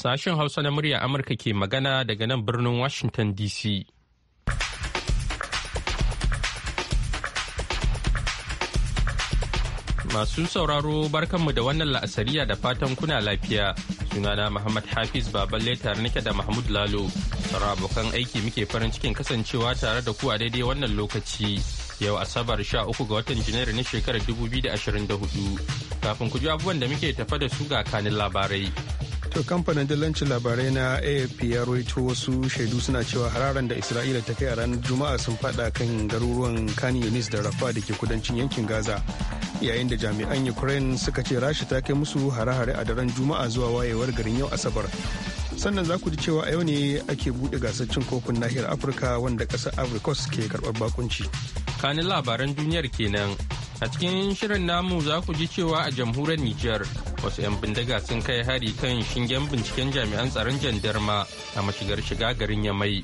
Sashen Hausa na murya Amurka ke magana daga nan birnin Washington DC. Masu sauraro barkanmu da wannan la'asariya da fatan kuna lafiya. Sunana Muhammad Hafiz Baballe tare nake da Mahmud Lalo. sara abokan aiki muke farin cikin kasancewa tare da ku a daidai wannan lokaci. Yau Asabar Sha uku ga watan Janairu na shekarar 2024. Kafin ku ji abubuwan da muke tafa da su ga kanin labarai. To kamfanin dillancin labarai na AFP ya roito wasu shaidu suna cewa hararan da Isra'ila ta kai a ranar Juma'a sun fada kan garuruwan Khan Yunis da Rafa da ke kudancin yankin Gaza. Yayin da jami'an Ukraine suka ce Rasha ta kai musu hare-hare a daren Juma'a zuwa wayewar garin yau Asabar. Sannan za ku ji cewa a yau ne ake buɗe gasar cin kofin nahiyar Afirka wanda ƙasar Ivory ke karɓar bakunci. Kanin labaran duniyar kenan A cikin shirin namu za ku ji cewa a jamhuriyar Nijar wasu 'yan bindiga sun kai hari kan shingen binciken jami'an tsaron jandarma a mashigar shiga garin Yamai.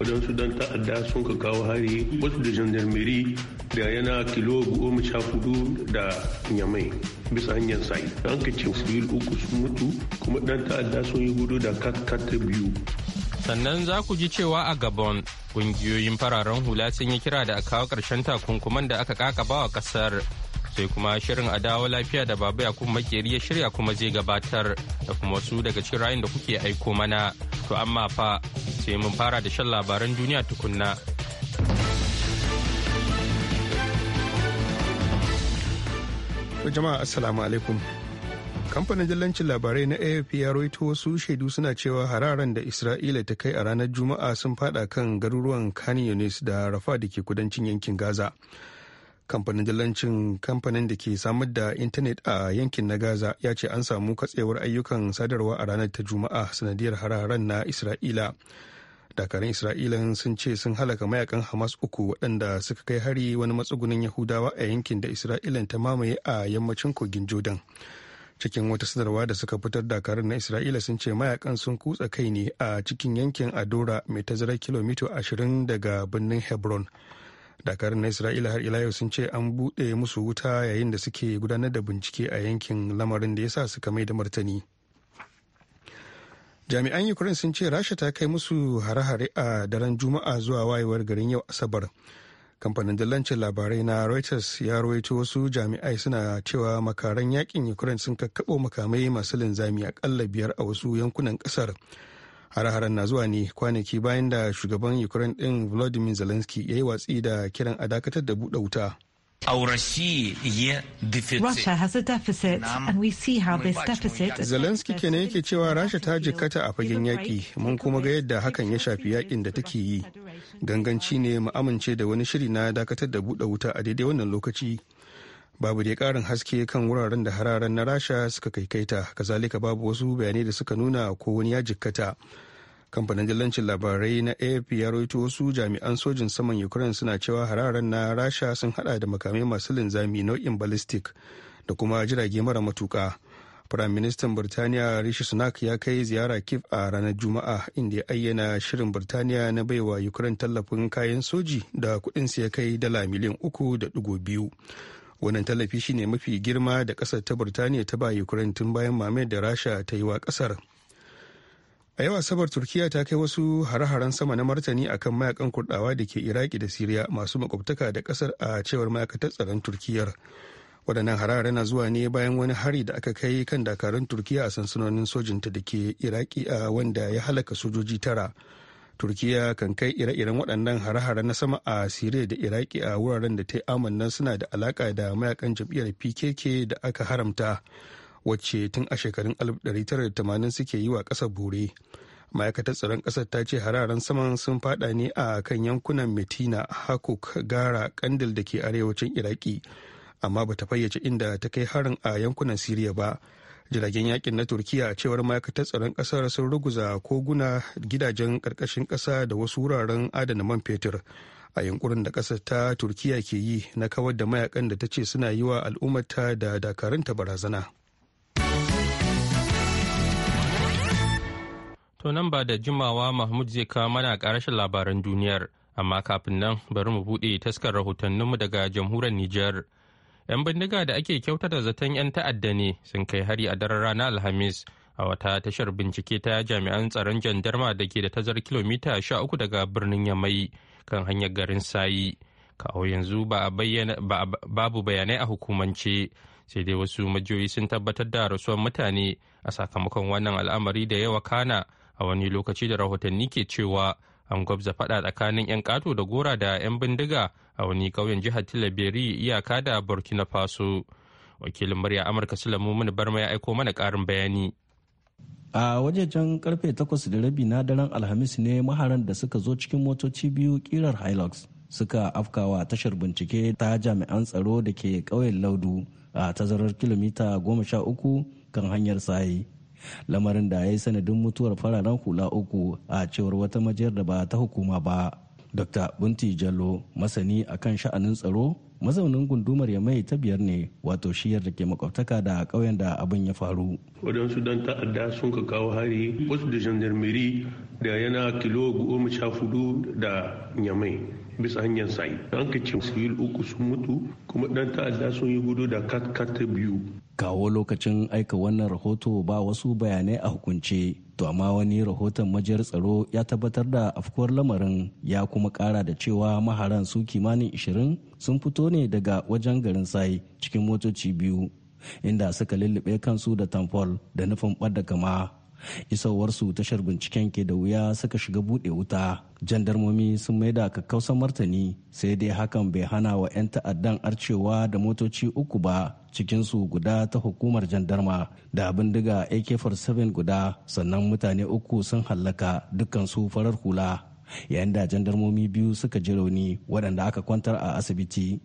wadansu dan ta'adda sun ka kawo hari wasu da jandarmeri da yana kilo goma sha hudu da nyamai bisa hanyar sai an ka ce su uku sun mutu kuma dan ta'adda sun yi gudu da kat biyu sannan za ku ji cewa a gabon kungiyoyin fararen hula sun yi kira da a kawo ƙarshen takunkuman da aka kakaba bawa ƙasar sai kuma shirin a dawo lafiya da babu ya kuma makeri ya shirya kuma zai gabatar da kuma wasu daga cikin rayun da kuke aiko mana to amma fa sai mun fara da shan labaran duniya tukunna jama'a assalamu alaikum kamfanin dillancin labarai na afp ya roito wasu shaidu suna cewa hararen da isra'ila ta kai a ranar juma'a sun fada kan garuruwan khan da rafa da ke kudancin yankin gaza kamfanin jallancin kamfanin da ke samar da intanet a yankin na gaza ya ce an samu katsewar ayyukan sadarwa a ranar ta juma'a sanadiyar hararen na isra'ila dakarun isra'ila sun ce sun halaka mayakan hamas uku waɗanda suka kai hari wani matsugunin yahudawa a yankin da isra'ila ta mamaye a yammacin kogin jordan cikin wata sadarwa da suka fitar dakarun na isra'ila sun ce mayakan sun kutsa kai ne a cikin yankin adora mai tazarar kilomita ashirin daga birnin hebron dakarun na isra'ila har ila yau sun ce an buɗe musu wuta yayin da suke gudanar da bincike a yankin lamarin da ya sa suka mai da martani jami'an ukraine sun ce rasha ta kai musu hare-hare a daren juma'a zuwa wayewar garin yau asabar kamfanin dillancin labarai na reuters ya rawaito wasu jami'ai suna cewa makaran yakin ukraine sun kakkaɓo makamai masu linzami akalla biyar a wasu yankunan ƙasar har-haren na zuwa ne kwanaki bayan da shugaban ukraine din volodymyr zelensky ya yi watsi da kiran a dakatar da buɗe wuta Russia has a deficit, and we see how this deficit. Zelensky kenan yake cewa Rasha ta jikkata a fagen yaƙi, mun kuma ga yadda hakan ya shafi yaƙin da take yi. Ganganci ne mu amince da wani shiri na dakatar da buɗe wuta a daidai wannan lokaci. Babu dai ƙarin haske kan wuraren da hararen na Rasha suka kaikaita, kazalika babu wasu bayanai da suka nuna ko wani ya jikkata. kamfanin dillancin labarai na afp ya rawaito wasu jami'an sojin saman ukraine suna cewa hararen na rasha sun hada da makamai masu linzami nau'in ballistic da kuma jirage mara matuka firayim ministan birtaniya rishi sunak ya kai ziyara kif a ranar juma'a inda ya ayyana shirin birtaniya na baiwa ukraine tallafin kayan soji da kudin ya kai dala miliyan uku da dugo biyu wannan tallafi shine mafi girma da kasar ta birtaniya ta ba ukraine tun bayan mamayar da rasha ta yi wa kasar a yau asabar turkiya ta kai wasu hare-haren sama na martani akan mayakan kurdawa da ke iraki da siriya masu makwabtaka da kasar a cewar ma'aikatar tsaron turkiyar waɗannan hare-hare na zuwa ne bayan wani hari da aka kai kan dakarun turkiya a sansanonin sojinta da ke iraki a wanda ya halaka sojoji tara turkiya kan kai ire-iren waɗannan hare-hare na sama a siriya da iraki a wuraren da ta yi amanna suna da alaƙa da mayakan jam'iyyar pkk da aka haramta wacce tun a shekarun 1980 suke yi wa ƙasar bore ma'aikatar tsaron ƙasar ta ce hararen saman sun fada ne a kan yankunan metina hakuk gara kandil da ke arewacin iraki amma bata fayyace inda ta kai harin a yankunan siriya ba jiragen yakin na turkiya cewar ma'aikatar tsaron ƙasar sun ruguza koguna gidajen karkashin ƙasa da wasu wuraren adana man fetur a yankurin da ƙasar ta turkiya ke yi na kawar da mayakan da ta ce suna yi wa al'ummata da dakarunta barazana. To nan ba da jimawa Mahmud zai kawo mana ƙarashin labaran duniyar, amma kafin nan bari mu buɗe taskar rahotanninmu daga jamhuriyar Nijar. 'Yan bindiga da ake kyautata zaton 'yan ta'adda ne sun kai hari a daren ranar Alhamis a wata tashar bincike ta jami'an tsaron jandarma da ke da tazar kilomita 13 daga birnin Yamai kan hanyar garin Sayi. Kawo yanzu ba a babu bayanai a hukumance. sai dai wasu majiyoyi sun tabbatar da rasuwar mutane a sakamakon wannan al'amari da yawa kana a wani lokaci da rahotanni ke cewa an gwabza faɗa tsakanin 'yan kato da gora da 'yan bindiga a wani ƙauyen jihar tilaberi iyaka da burkina faso wakilin murya amurka sulamu mini barma ya aiko mana ƙarin bayani a wajejen karfe 8 da rabi na daren alhamis ne maharan da suka zo cikin motoci biyu kirar hilux suka afkawa tashar bincike ta jami'an tsaro da ke ƙauyen laudu a tazarar kilomita 13 kan hanyar sayi lamarin da ya yi sanadin mutuwar fararen hula uku a cewar wata majiyar da ba ta hukuma ba dr bunti jallo masani a kan sha'anin tsaro mazaunin gundumar ya mai ta biyar ne wato shiyar da ke makwabtaka da ƙauyen da abin ya faru. wadansu dan ta'adda sun ka kawo hari wasu da gendarmerie da yana kilo goma sha fudu da nyamai bisa hanyar sai an ka ce uku sun mutu kuma dan ta'adda sun yi gudu da kat biyu kawo lokacin aika wannan rahoto ba wasu bayanai a hukunce to amma wani rahoton majiyar tsaro ya tabbatar da afkuwar lamarin ya kuma kara da cewa maharan su kimanin ishirin sun fito ne daga wajen garin sai cikin motoci biyu inda suka lullube kansu da tamfol da nufin ɓadda kama isowarsu tashar binciken ke da wuya suka shiga buɗe wuta jandarmomi sun maida kakkausan martani sai dai hakan bai hana wa 'yan ta'addan arcewa da motoci uku ba cikinsu guda ta hukumar jandarma da bindiga ak-47 guda sannan mutane uku sun hallaka dukkansu farar hula yayin da jandarmomi biyu suka ji rauni waɗanda aka kwantar a asibiti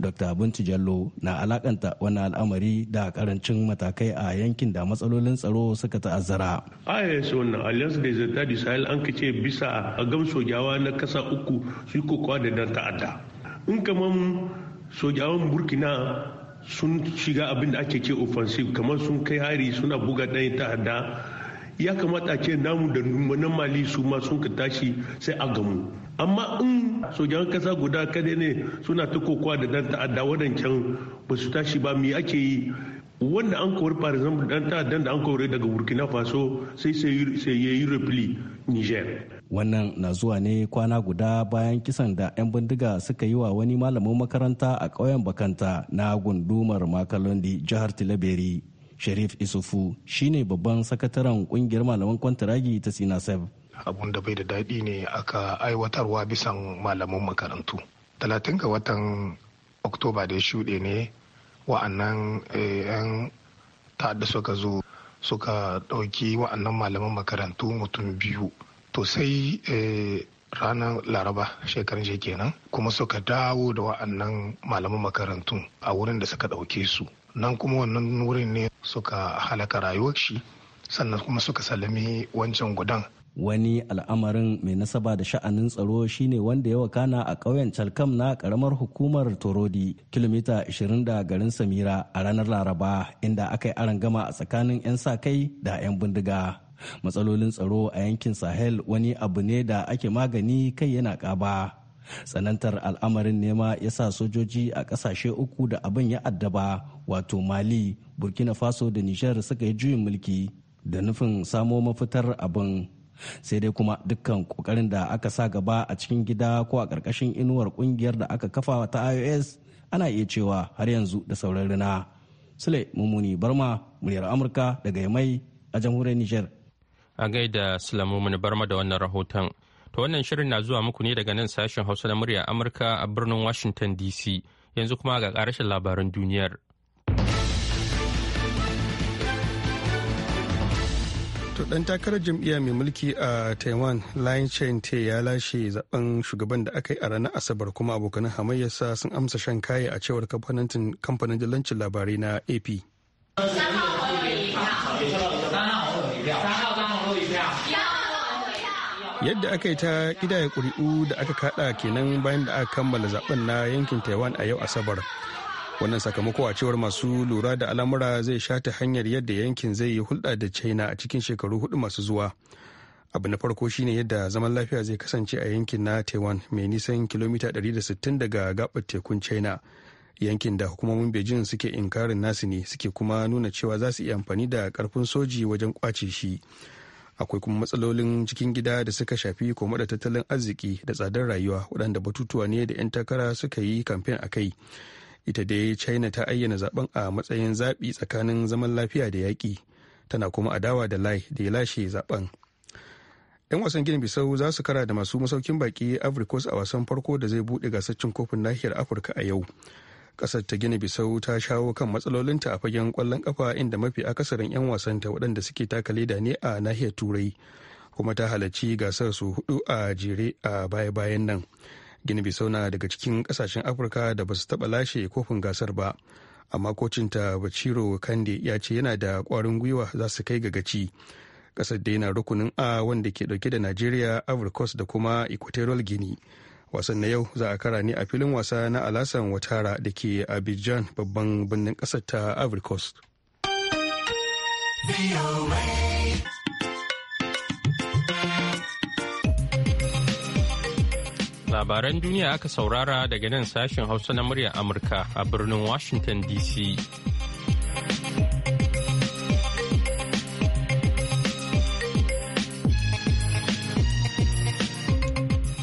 dr bintu jallo na alakanta wani al'amari da karancin matakai a yankin da matsalolin tsaro suka ta'azzara ayas wannan alliance des etats du sahel an kace bisa a gam sojawa na kasa uku su kokowa da dan ta'adda in kamar sojawan burkina sun shiga abin da ake ce offensive kamar sun kai hari suna buga ɗaya ta'adda ya kamata a ce namu da na mali su ma sun ka tashi sai a gamu amma in sojan kasa guda kadai ne suna ta kokowa da dan ta'adda wadancan ba su tashi ba me ake yi wanda an kori fara example dan ta'addan da an kore daga burkina faso sai sai ya yi repli niger wannan na zuwa ne kwana guda bayan kisan da 'yan bindiga suka yi wa wani malamin makaranta a ƙauyen bakanta na gundumar makalondi jihar tilaberi sharif isufu shine babban sakataren kungiyar malaman kwantaragi ta sinasef abun da bai da daɗi ne aka aiwatarwa bisan malaman makarantu talatin ga watan oktoba da ya shuɗe ne wa'annan eh, 'yan ta'adda suka zo suka ɗauki wa'annan malaman makarantu mutum biyu to sai eh, ranar laraba shekarun je kenan kuma suka dawo da wa'annan malaman makarantu a wurin da suka ɗauke su nan kuma wannan wurin ne suka halaka rayuwar shi sannan kuma suka sallami wancan gudan wani al'amarin mai nasaba da sha'anin tsaro shine wanda ya wakana a ƙauyen calkam na ƙaramar hukumar torodi kilomita 20 da garin samira a ranar laraba inda aka yi gama a tsakanin 'yan sa kai da 'yan bindiga matsalolin tsaro a yankin sahel wani abu ne da ake magani kai yana ƙaba tsanantar al'amarin nema ya sa sojoji a ƙasashe uku da abin ya addaba wato mali burkina faso da nijar suka yi juyin mulki da nufin samo mafitar abin sai dai kuma dukkan kokarin da aka sa gaba a cikin gida ko a ƙarƙashin inuwar ƙungiyar da aka kafa ta ios ana iya cewa har yanzu da sauran rina sule mummuni barma muryar amurka daga yamai a jamhuriyar nijar a gaida sulamu barma da wannan rahoton To wannan shirin na zuwa muku ne daga nan sashen Hausa na murya Amurka a birnin Washington DC. Yanzu kuma ga ƙarashin labaran duniyar. To ɗan takarar jam'iyya mai mulki a Taiwan, Lai Chen Te ya lashe zaben shugaban da aka yi a ranar Asabar kuma abokan hamayyarsa sun amsa shan kaye a cewar kamfanin dillancin labarai na AP. yadda aka yi ta ƙidaya ƙuri'u da aka kada kenan bayan da aka kammala zaben na yankin taiwan a yau asabar wannan sakamako a cewar masu lura da al'amura zai shata hanyar yadda yankin zai yi hulɗa da china a cikin shekaru hudu masu zuwa abu na farko shine yadda zaman lafiya zai kasance a yankin na taiwan mai nisan kilomita 160 daga gabar tekun china yankin da hukumomin beijing suke inkarin nasu ne suke kuma nuna cewa za su iya amfani da karfin soji wajen kwace shi akwai kuma matsalolin cikin gida da suka shafi koma da tattalin arziki da tsadar rayuwa waɗanda batutuwa ne da 'yan takara suka yi kamfen a kai ita dai china ta ayyana zaben a matsayin zaɓi tsakanin zaman lafiya da yaƙi tana kuma adawa da lai da ya lashe zaben 'yan wasan gini bisau za su kara da masu masaukin baki africos a wasan farko da zai buɗe gasar cin kofin nahiyar afirka a yau kasar ta gina bisau ta shawo kan matsalolinta a fagen kwallon kafa inda mafi akasarin 'yan wasanta waɗanda suke taka leda ne a nahiyar turai kuma ta halarci gasar su hudu a jere a baya-bayan nan gini bisau na daga cikin kasashen afirka da ba su taɓa lashe kofin gasar ba amma ta baciro kande ya ce yana da kwarin gwiwa za su kai ga gaci kasar da yana rukunin a wanda ke dauke da najeriya ivory da kuma equatorial guinea wasan na yau za a kara ne a filin wasa na alasan watara da ke abidjan babban birnin kasar ta ivory coast labaran duniya aka saurara daga nan sashen hausa na muryar amurka a birnin washington dc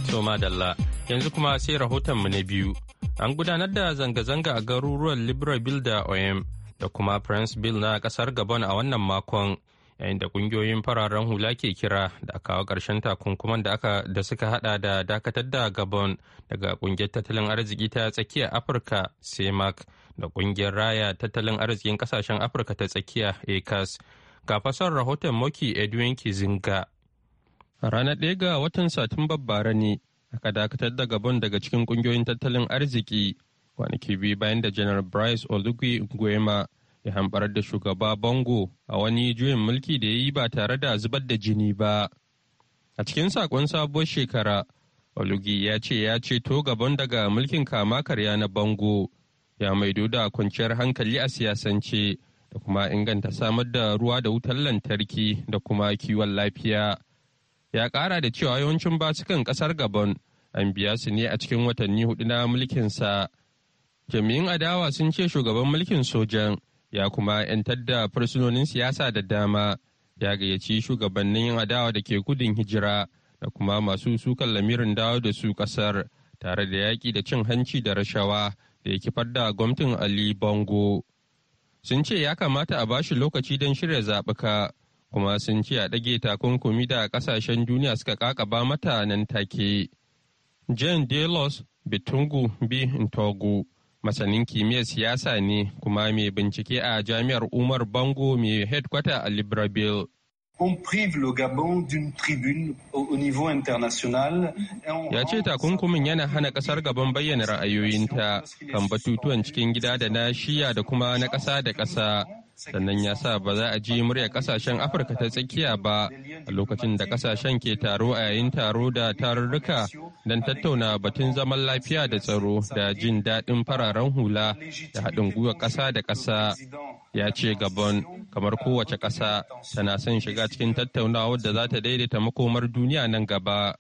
Soma Dalla Yanzu kuma sai rahotonmu na biyu. An gudanar da zanga-zanga a garuruwan Libreville da Oyem da kuma bill na kasar Gabon a wannan makon. yayin da kungiyoyin fararen hula ke kira da kawo karshen takunkuman da suka hada da dakatar da gabon daga kungiyar tattalin arziki ta tsakiya afirka semac da kungiyar raya tattalin arzikin kasashen afirka ta tsakiya acas ga fasar rahoton moki edwin kizinga ranar ɗaya ga watan satumbar bara ne aka dakatar da gabon daga cikin kungiyoyin tattalin arziki kwanaki biyu bayan da janar bryce olugui nguema ya hambarar da shugaba bongo a wani juyin mulki da ya yi ba tare da zubar da jini ba a cikin sakon sabuwar shekara olugi ya ce ya ceto gabon daga mulkin kama karya na bongo ya maido da kwanciyar hankali a siyasance da kuma inganta samar da ruwa da wutar lantarki da kuma kiwon lafiya ya kara da cewa yawancin basukan kasar gabon an biya su ne a cikin watanni hudu na mulkinsa jami'in adawa sun ce shugaban mulkin sojan ya kuma 'yantar da fursunonin siyasa da dama ya gayyaci shugabannin adawa da ke gudun hijira da kuma masu sukan lamirin dawo da su kasar tare da yaƙi da cin hanci da rashawa da ya kifar da gwamnatin ali bongo sun ce ya kamata a bashi lokaci don shirya zaɓuka kuma sun ce a ɗage takunkumi da ƙasashen duniya suka ƙaƙaba mata nan take. Jane Delos Bitungu B. Ntogo, masanin kimiyyar siyasa ne kuma mai bincike a jami'ar Umar Bango mai headquarter a Libreville. on prive Ya ce takunkumin yana hana kasar gaban bayyana ra'ayoyinta kan batutuwan cikin gida da na shiya da kuma na ƙasa da ƙasa sannan ya sa ba za a ji murya kasashen afirka ta tsakiya ba a lokacin da kasashen ke taro a yayin taro da tarurruka don tattauna batun zaman lafiya da tsaro da jin daɗin fararen hula da haɗin gwiwa ƙasa da ƙasa ya ce gabon kamar kowace ƙasa tana son shiga cikin tattaunawa da za ta daidaita makomar duniya nan gaba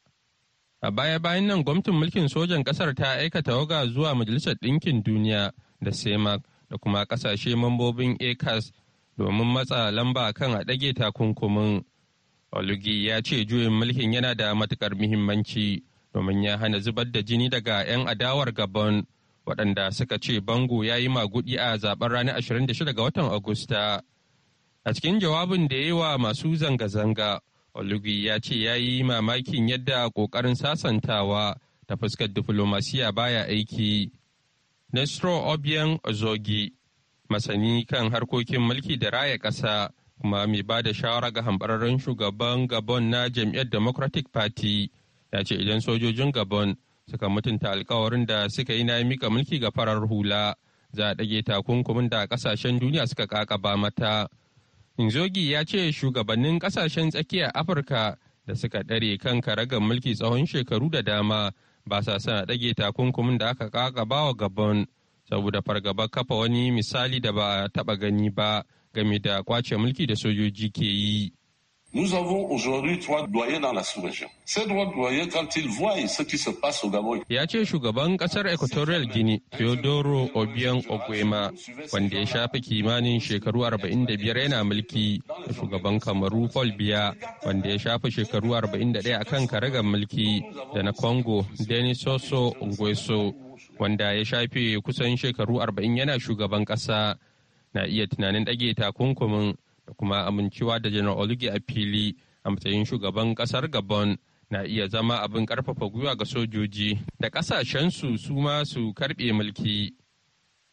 a baya-bayan nan gwamnatin mulkin sojan ƙasar ta aika tawaga zuwa majalisar ɗinkin duniya da semak da kuma kasashe mambobin ACAS domin matsa lamba kan a ɗage takunkumin olugi ya ce juyin mulkin yana da matukar muhimmanci domin ya hana zubar da jini daga 'yan adawar gabon waɗanda suka ce bango ya yi magudi a zaben ranar 26 ga watan agusta a cikin jawabin da ya yi wa masu zanga-zanga olugi ya ce ya yi mamakin yadda ƙoƙarin sasantawa ta fuskar diflomasiya baya aiki Nestro Obiang Ozogi, masani kan harkokin mulki da raya ƙasa kuma mai ba da shawara ga hambararren shugaban Gabon na jam'iyyar Democratic Party, ya ce idan sojojin Gabon suka mutunta alkawarin da suka yi na mika mulki ga farar hula, za a ɗage takunkumin da kasashen duniya suka ƙaƙaba mata. Nzogi ya ce shugabannin ƙasashen tsakiyar Afirka da suka ɗare kan karagar mulki tsawon shekaru da dama ba sa son a ɗage takunkumin da aka ba wa gabon saboda fargaba kafa wani misali da ba a taɓa gani ba game da kwace mulki da sojoji ke yi Nous avons aujourd'hui trois doyens dans la sous-région. Ces trois doyens, quand ils voient ce qui se passe au Gabon. Ya ce shugaban kasar Equatorial Guinea, Teodoro Obiang Okwema, wanda ya shafe kimanin shekaru 45 yana mulki, da shugaban Kamaru Paul Biya, wanda ya shafe shekaru 41 akan karagar mulki, da na Congo Denis Soso Nguesso, wanda ya shafe kusan shekaru 40 yana shugaban kasa, na iya tunanin ɗage takunkumin da kuma amincewa da janar olugi a fili a matsayin shugaban kasar gabon na iya zama abin karfafa gwiwa ga sojoji da kasashensu su ma su karbe mulki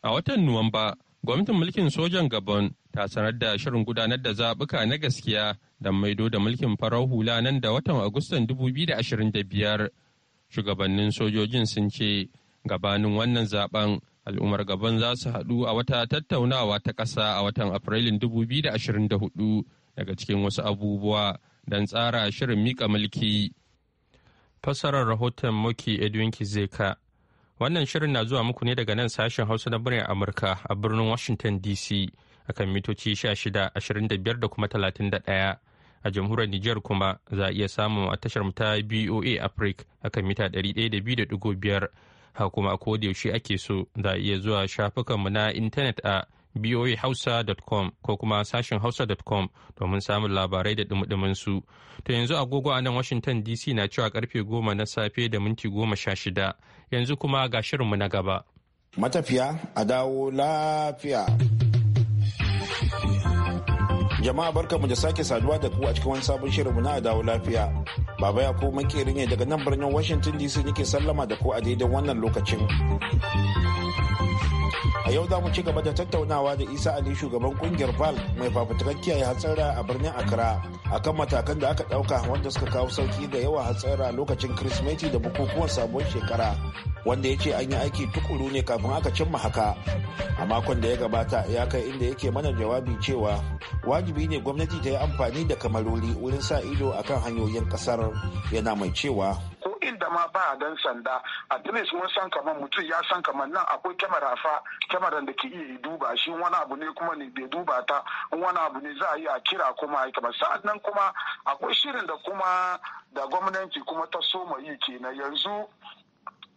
a watan nuwamba gwamnatin mulkin sojan gabon ta sanar da shirin gudanar da zaɓuka na gaskiya da maido da mulkin farar hula nan da watan agustan 2025 shugabannin sojojin sun ce gabanin wannan zaben al'ummar gaban za su haɗu a wata tattaunawa ta ƙasa a watan afrilun 2024 daga cikin wasu abubuwa don tsara shirin mika mulki. fassarar rahoton moki edwin kizeka wannan shirin na zuwa muku ne daga nan sashen hausa na birnin amurka a birnin washington dc kan mitoci 16 da kuma 31 a jamhuriyar Nijar kuma za a iya samun a tashar ta BOA Africa kan mita 102.5 ha kuma a yaushe ake so da iya zuwa shafukanmu na intanet a boahausa.com ko kuma sashen hausa.com domin samun labarai da dumudumin su. To yanzu agogo a nan Washington DC na cewa karfe goma na safe da minti goma sha shida. Yanzu kuma ga shirinmu na gaba. Matafiya a dawo lafiya. Jama'a barka mu da sake saduwa da ku a cikin wani sabon shirinmu na dawo lafiya. Baba ya ko makeri ne daga nan birnin Washington DC nake sallama da ku a daidai wannan lokacin. a yau za mu ci gaba da tattaunawa da isa ali shugaban kungiyar val mai fafutukan kiyaye hatsara a birnin accra akan matakan da aka dauka wanda suka kawo sauki da yawa hatsara lokacin kirsimeti da bukukuwan sabon shekara wanda ya ce an yi aiki tukuru ne kafin aka cimma haka a makon da ya gabata ya kai inda yake mana jawabi cewa wajibi ne gwamnati ta yi amfani da kamarori wurin sa ido akan hanyoyin kasar yana mai cewa wanda ma ba dan sanda a least mun san kamar mutum ya san kamar nan akwai kyamara fa kyamaran da ke iya duba shi wani abu ne kuma ne bai duba ta wani abu ne za a yi a kira kuma a yi kamar sa'an kuma akwai shirin da kuma da gwamnati kuma ta soma yi kenan yanzu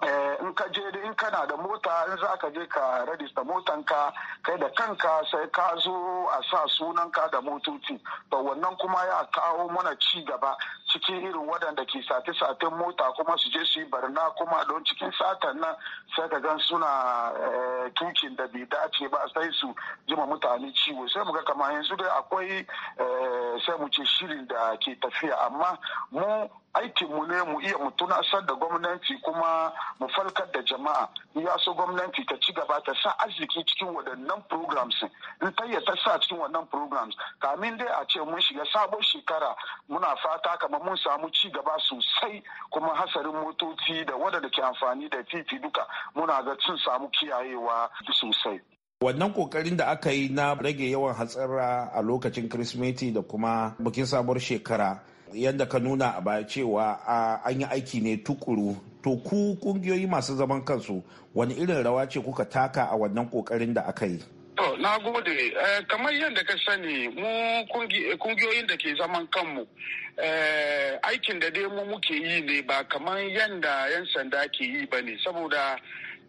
Eh, in ka je in kana da mota in za ka je ka rajista motanka kai da kanka sai ka zo a sa sunanka da motoci to wannan kuma ya kawo mana ci gaba cikin irin waɗanda ke sati saten mota kuma su je su yi barna kuma don cikin satan nan sai ka gan suna eh, tukin da bai dace ba sai su jima mutane ciwo sai mu ga kamar yanzu dai akwai eh, sai mu ce shirin da ke tafiya amma mu aikinmu ne mu iya mu tunasar da gwamnati kuma mu falkar da jama'a ya so gwamnati ta ci gaba ta sa arziki cikin waɗannan programs in ta ta sa cikin waɗannan programs kamin dai a ce mun shiga sabon shekara muna fata kamar mun samu ci gaba sosai kuma hasarin motoci da waɗanda ke amfani da titi duka muna ga sun samu kiyayewa sosai. wannan kokarin da aka yi na rage yawan hatsara a lokacin kirsimeti da kuma bikin sabuwar shekara yadda ka nuna a baya cewa an yi aiki ne tukuru to ku kungiyoyi masu zaman kansu wani irin rawa ce kuka taka a wannan kokarin da aka yi na gode eh, kamar yadda ka sani mu kungiyoyin da ke zaman kanmu eh, aikin da dai mu muke yi ne ba kamar yadda 'yan sanda ke yi ba ne saboda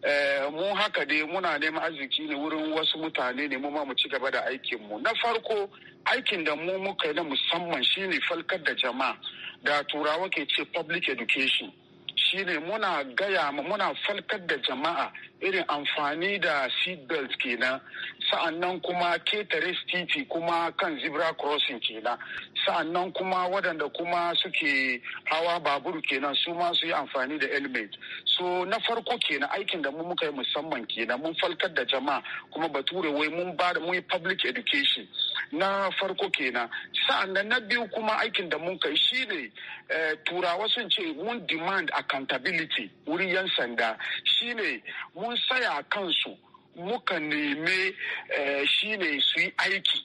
eh, mu haka dai muna neman arziki ne wurin wasu mutane ne mu ma mu ci gaba da aikinmu na farko aikin da mu muka yi na musamman shine falkar da jama'a da turawa ke ce public education shine muna gaya ma muna falkar da jama'a irin amfani da seatbelt kenan sa'annan kuma ketare titi kuma kan zebra crossing kenan sa'annan kuma waɗanda kuma suke hawa babur kenan su ma su yi amfani da helmet so na farko kenan aikin da mu muka yi musamman kenan mun falkar da jama'a kuma bature wai mun ba da mun public education na farko kenan sa'annan na biyu kuma aikin da mun kai shine eh, turawa sun ce mun demand accountability wurin yan sanda shine mun mun saya kansu muka neme eh, shi ne su yi aiki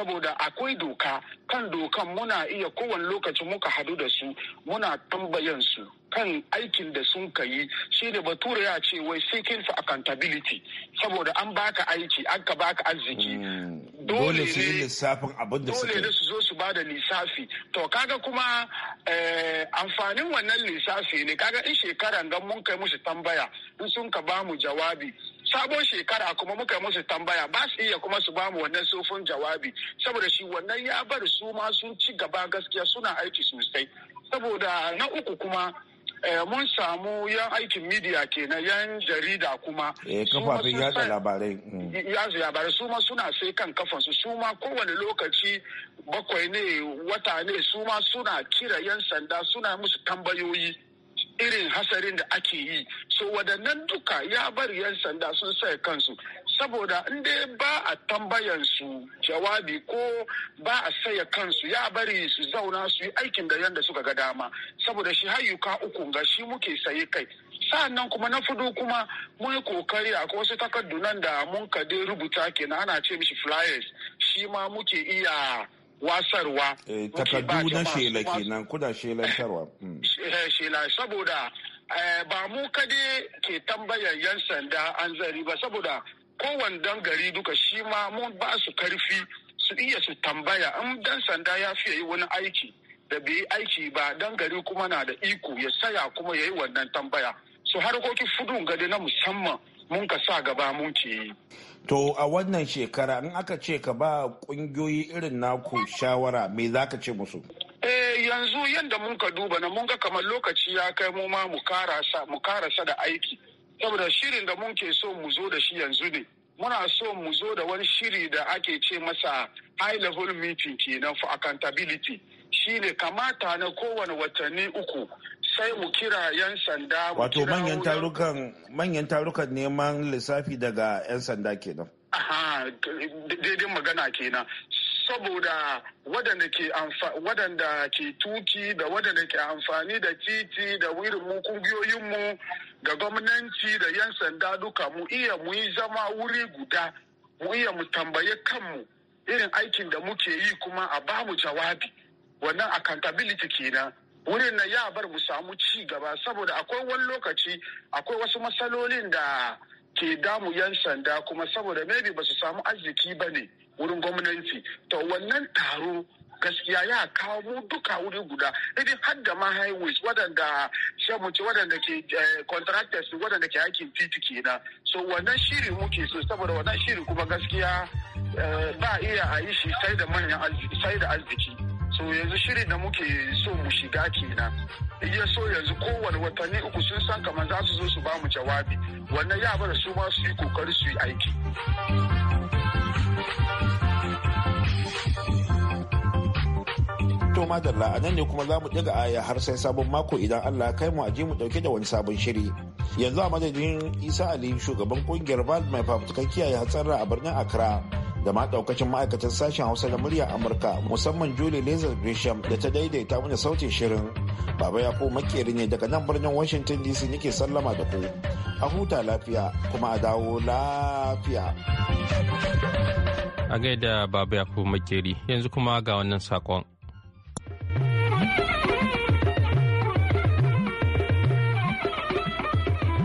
saboda akwai doka kan dokan muna iya kowane lokaci muka hadu da su muna tambayan su kan aikin da sun ka yi shi da bature ya ce wai seeking for accountability saboda an baka aiki an ka baka arziki hmm. dole su yi lissafin abin da dole su zo su bada lissafi to kaga kuma eh, amfanin wannan lissafi ne kaga in shekaran gan mun kai musu tambaya in sun ka bamu jawabi sabon shekara kuma muka musu tambaya ba su iya kuma su bamu wannan sufin jawabi saboda shi wannan ya bar su ma sun ci gaba gaskiya suna aiki sosai saboda na uku kuma eh, mun samu yan aikin media kenan yan jarida kuma eh, kafafen yada labarai mm. yada labarai su ma suna sai kan kafansu su ma kowane lokaci bakwai ne wata ne su ma suna kira yan sanda suna musu tambayoyi irin hasarin da ake yi so wadannan duka ya bari 'yan sanda sun sai kansu saboda inda ba a tambayan su jawabi ko ba a saya kansu ya bari su zauna su yi aikin da yanda suka ga dama saboda shi hayyuka uku ga shi muke sayi kai sa'annan kuma na fudu kuma mun yi kokari a wasu takardu nan da mun kade rubuta kenan ana ce mishi flyers shi ma muke iya wasarwa eh, takardu na shela kenan kuda shelantarwa mm. eh, shela saboda eh, ba mu kade ke tambayar yan sanda an zari ba saboda kowane dan gari duka shi ma mun ba su karfi su iya su tambaya in dan sanda ya fiye yi wani aiki da bai yi aiki ba dan gari kuma na da iko ya saya kuma ya yi wannan tambaya su harkokin fudun gari na musamman mun ka sa gaba mun ke yi To a wannan shekara in aka ce ka ba kungiyoyi irin naku shawara me za ka ce musu? Eh yanzu yadda mun ka duba na mun ga kamar lokaci ya kai mu ma mu karasa da aiki. Saboda shirin da mun ke so mu zo da shi yanzu ne. Muna so mu zo da wani shiri da ake ce masa high level meeting kenan for accountability. Shine kamata na kowane watanni uku sai mu kira 'yan sanda wato manyan tarukan manyan tarukan neman lissafi daga 'yan sanda kenan aha daidai magana kenan saboda waɗanda ke waɗanda ke tuki da waɗanda ke amfani da titi da wurin mu kungiyoyinmu da gwamnati da 'yan sanda duka mu iya mu yi zama wuri guda mu iya mu tambaye kanmu irin aikin da muke yi kuma a bamu jawabi wannan accountability kenan wurin na ya bar mu samu ci gaba saboda akwai wani lokaci akwai wasu matsalolin da ke damu yan sanda kuma saboda maybe ba su samu arziki ba ne wurin gwamnati to wannan taro gaskiya ya kawo mu duka wuri guda idan har da ma highways waɗanda shamuci waɗanda ke eh, contractors waɗanda ke aikin titi kenan so wannan shiri muke so saboda wannan shiri kuma gaskiya eh, ba iya a yi shi sai da manyan sai da arziki so yanzu shirin da muke so mu shiga kenan iya so yanzu kowane watanni uku sun san kamar za su zo su ba mu jawabi wannan ya bar su ma su yi kokari su yi aiki to madalla a nan ne kuma za mu ɗiga aya har sai sabon mako idan Allah kai mu aji mu ɗauke da wani sabon shiri yanzu a madadin isa ali shugaban kungiyar bal mai fafutukan kiyaye hatsarra a birnin accra da ma daukacin ma'aikatan sashen hausa da murya amurka musamman julie lazar gresham da ta daidaita mana sautin shirin baba ya ko makeri ne daga nan birnin washington dc nake sallama da ku a huta lafiya kuma a dawo lafiya a gaida baba ya makeri yanzu kuma ga wannan sakon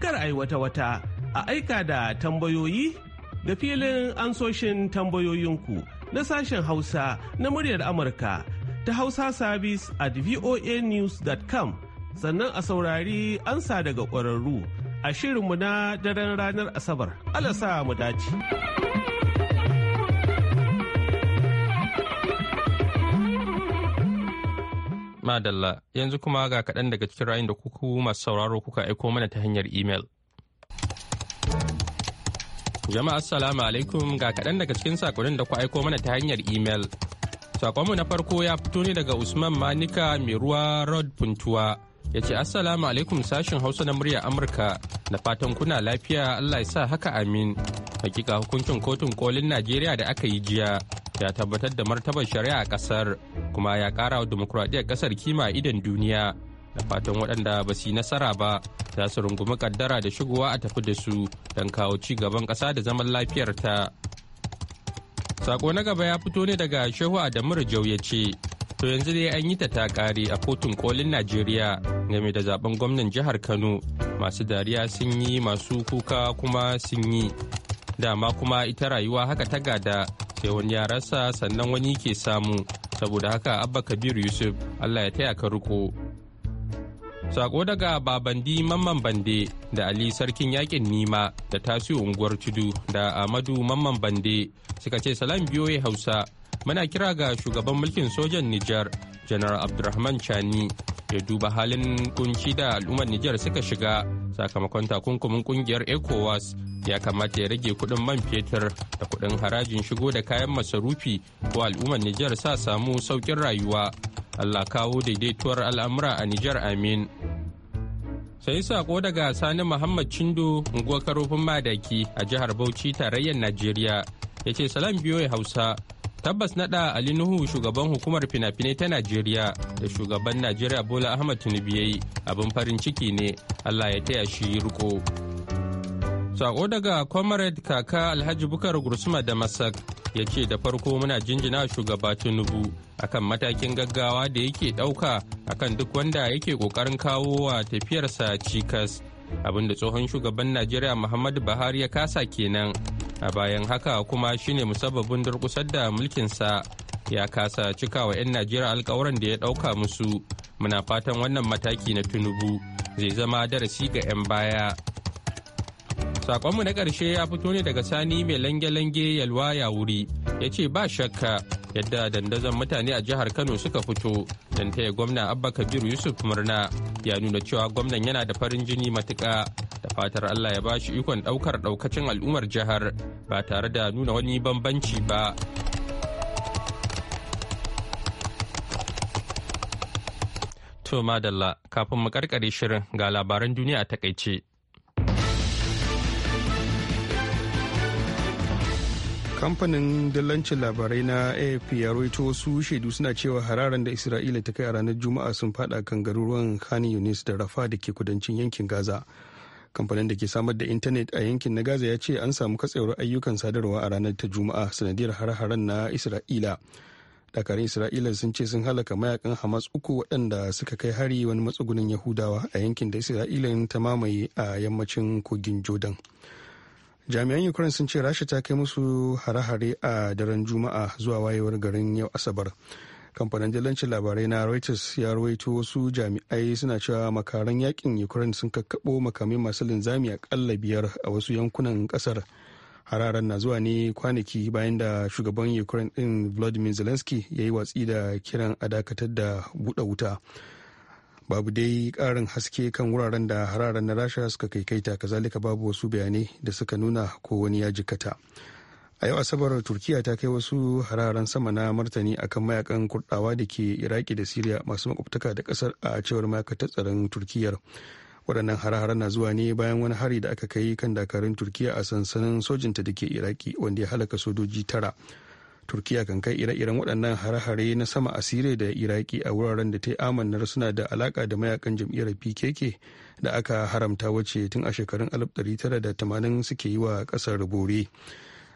kar a yi wata-wata a aika da tambayoyi da filin ansoshin tambayoyinku na sashen hausa na muryar amurka ta hausa service at voanews.com sannan a saurari ansa daga ƙwararru a shirinmu na daren ranar asabar alasa mu dace. Madalla, yanzu kuma ga kaɗan daga cikin ra'ayin da kuku masu sauraro kuka aiko mana ta hanyar email Jama'a assalamu alaikum ga kaɗan daga cikin sakonin da ku aiko mana ta hanyar imel. Sakonmu na farko ya fito ne daga Usman Manika mai ruwa Rod Puntuwa. ya ce assalamu alaikum sashen hausa na murya amurka na fatan kuna lafiya allah ya sa haka amin hakika hukuncin kotun kolin najeriya da aka yi jiya ya tabbatar da martabar shari'a a kasar kuma ya kara wa demokuraɗiyyar kasar kima idon duniya da fatan waɗanda ba su yi nasara ba za su rungumi kaddara da shigowa a tafi da su don kawo ci gaban ƙasa da zaman lafiyarta sako na gaba ya fito ne daga shehu adamu jau ya ce To yanzu dai an yi ta ta a kotun kolin Najeriya game da zaben gwamnan jihar Kano masu dariya sun yi masu kuka kuma sun yi. Dama kuma ita rayuwa haka ta gada sai wani ya rasa sannan wani ke samu saboda haka Abba Kabir Yusuf Allah ya taya ka riko. Sako daga Babandi Mamman Bande da Ali Sarkin Yakin Nima da tasiri Unguwar Tudu da Amadu Mamman Bande suka ce salam ya Hausa muna kira ga shugaban mulkin sojan Nijar, Janar Abdurrahman Chani, ya duba halin kunci da al'ummar Nijar suka shiga sakamakon takunkumin kungiyar ECOWAS ya kamata ya rage kudin man fetur da kudin harajin shigo da kayan masarufi ko al'ummar Nijar sa samu saukin rayuwa. Allah kawo daidaituwar al'amura a Nijar amin. Sai sako daga Sani Muhammad Chindo unguwar karofin madaki a jihar Bauchi tarayyar Najeriya ya ce salam biyo Hausa tabbas naɗa ali nuhu shugaban hukumar fina-finai ta najeriya da shugaban najeriya bola ahmad tinubu yayi abin farin ciki ne allah ya taya shi riko sako daga comrade kaka alhaji bukar gursuma da masak ya ce da farko muna jinjina shugaba tinubu akan matakin gaggawa da yake ɗauka akan duk wanda yake ƙoƙarin kawo wa tafiyarsa cikas abinda tsohon shugaban najeriya muhammadu buhari ya kasa kenan a bayan haka kuma shine musabbabin durkusar da mulkin sa ya kasa cika wa 'yan najeriya alkawuran da ya dauka musu muna fatan wannan mataki na tunubu zai zama darasi ga 'yan baya sakonmu na ƙarshe ya fito ne daga sani mai lange-lange yalwa ya wuri ya ce ba shakka yadda dandazon mutane a jihar kano suka fito don taya gwamna abba kabiru yusuf murna ya nuna cewa gwamnan yana da farin jini matuƙa da fatar Allah ya bashi ikon ɗaukar ɗaukacin al'ummar jihar ba tare da nuna wani bambanci ba. To madalla kafin mu karkare shirin ga labaran duniya a takaice. kamfanin dillancin labarai na afp ya rawaito wasu shaidu suna cewa hararan da isra'ila ta kai a ranar juma'a sun fada kan garuruwan khan yunis da rafa da ke kudancin yankin gaza kamfanin da ke samar da intanet a yankin na gaza ya ce an samu katsewar ayyukan sadarwa a ranar ta juma'a sanadiyar har-haren na isra'ila dakarun isra'ila sun ce sun halaka mayakan hamas uku waɗanda suka kai hari wani matsugunin yahudawa a yankin da isra'ila ta mamaye a yammacin kogin jordan jami'an ukraine sun ce rasha ta kai musu hare-hare a daren juma'a zuwa wayewar garin yau asabar kamfanin jalancin labarai na reuters ya rawaito wasu jami'ai suna cewa makaran yakin ukraine sun kakkaɓo makamai masu linzami akalla biyar a wasu yankunan kasar hararen na zuwa ne kwanaki bayan da shugaban ukraine din vladimir zelensky ya yi watsi da kiran a dakatar da buɗe wuta babu dai karin haske kan wuraren da hararen na rasha suka kai kaita kazalika babu wasu bayanai da suka nuna ko wani ya jikata. a yau asabar turkiya ta kai wasu hararen sama na martani akan mayakan kurdawa da ke iraki da siriya masu makwabtaka da kasar a cewar ma'aikatar tsaron turkiyar waɗannan hare na zuwa ne bayan wani hari da aka kai kan dakarun turkiya a sansanin sojinta da ke iraki wanda ya halaka sojoji tara turkiya kan kai ire-iren waɗannan hare-hare na sama a siriya da iraki a wuraren da ta yi amannar suna da alaka da mayakan jam'iyyar pkk da aka haramta wace tun a shekarun 1980 suke yi wa ƙasar bore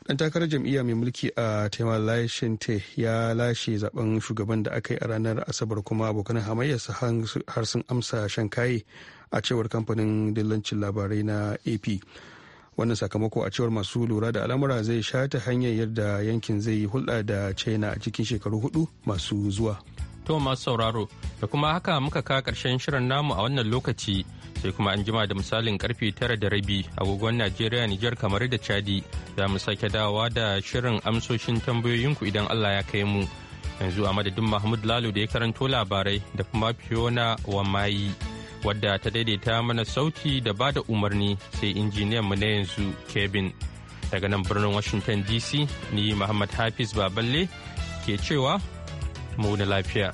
dan takarar jam'iyya mai mulki a temalai shinte ya lashe zaben shugaban da aka yi a ranar asabar kuma abokan hamayyarsa har sun amsa shan kaye a cewar kamfanin dillancin labarai na ap wannan sakamako a cewar masu lura da al'amura zai shata hanyar yadda yankin zai yi hulɗa da china a cikin shekaru hudu masu zuwa to masu sauraro da kuma haka muka ka karshen shirin namu a wannan lokaci sai kuma an jima da misalin karfe tara da rabi agogon najeriya nijar kamar da chadi za mu sake dawowa da shirin amsoshin tambayoyinku idan Allah ya kai mu. Yanzu a madadin Mahmud Lalo da ya karanto labarai da kuma Fiona Wamayi wadda ta daidaita mana sauti da ba da umarni sai injiniyan mu na yanzu Kevin. Daga nan birnin Washington DC ni Muhammad Hafiz Baballe ke cewa mu na lafiya.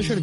tashar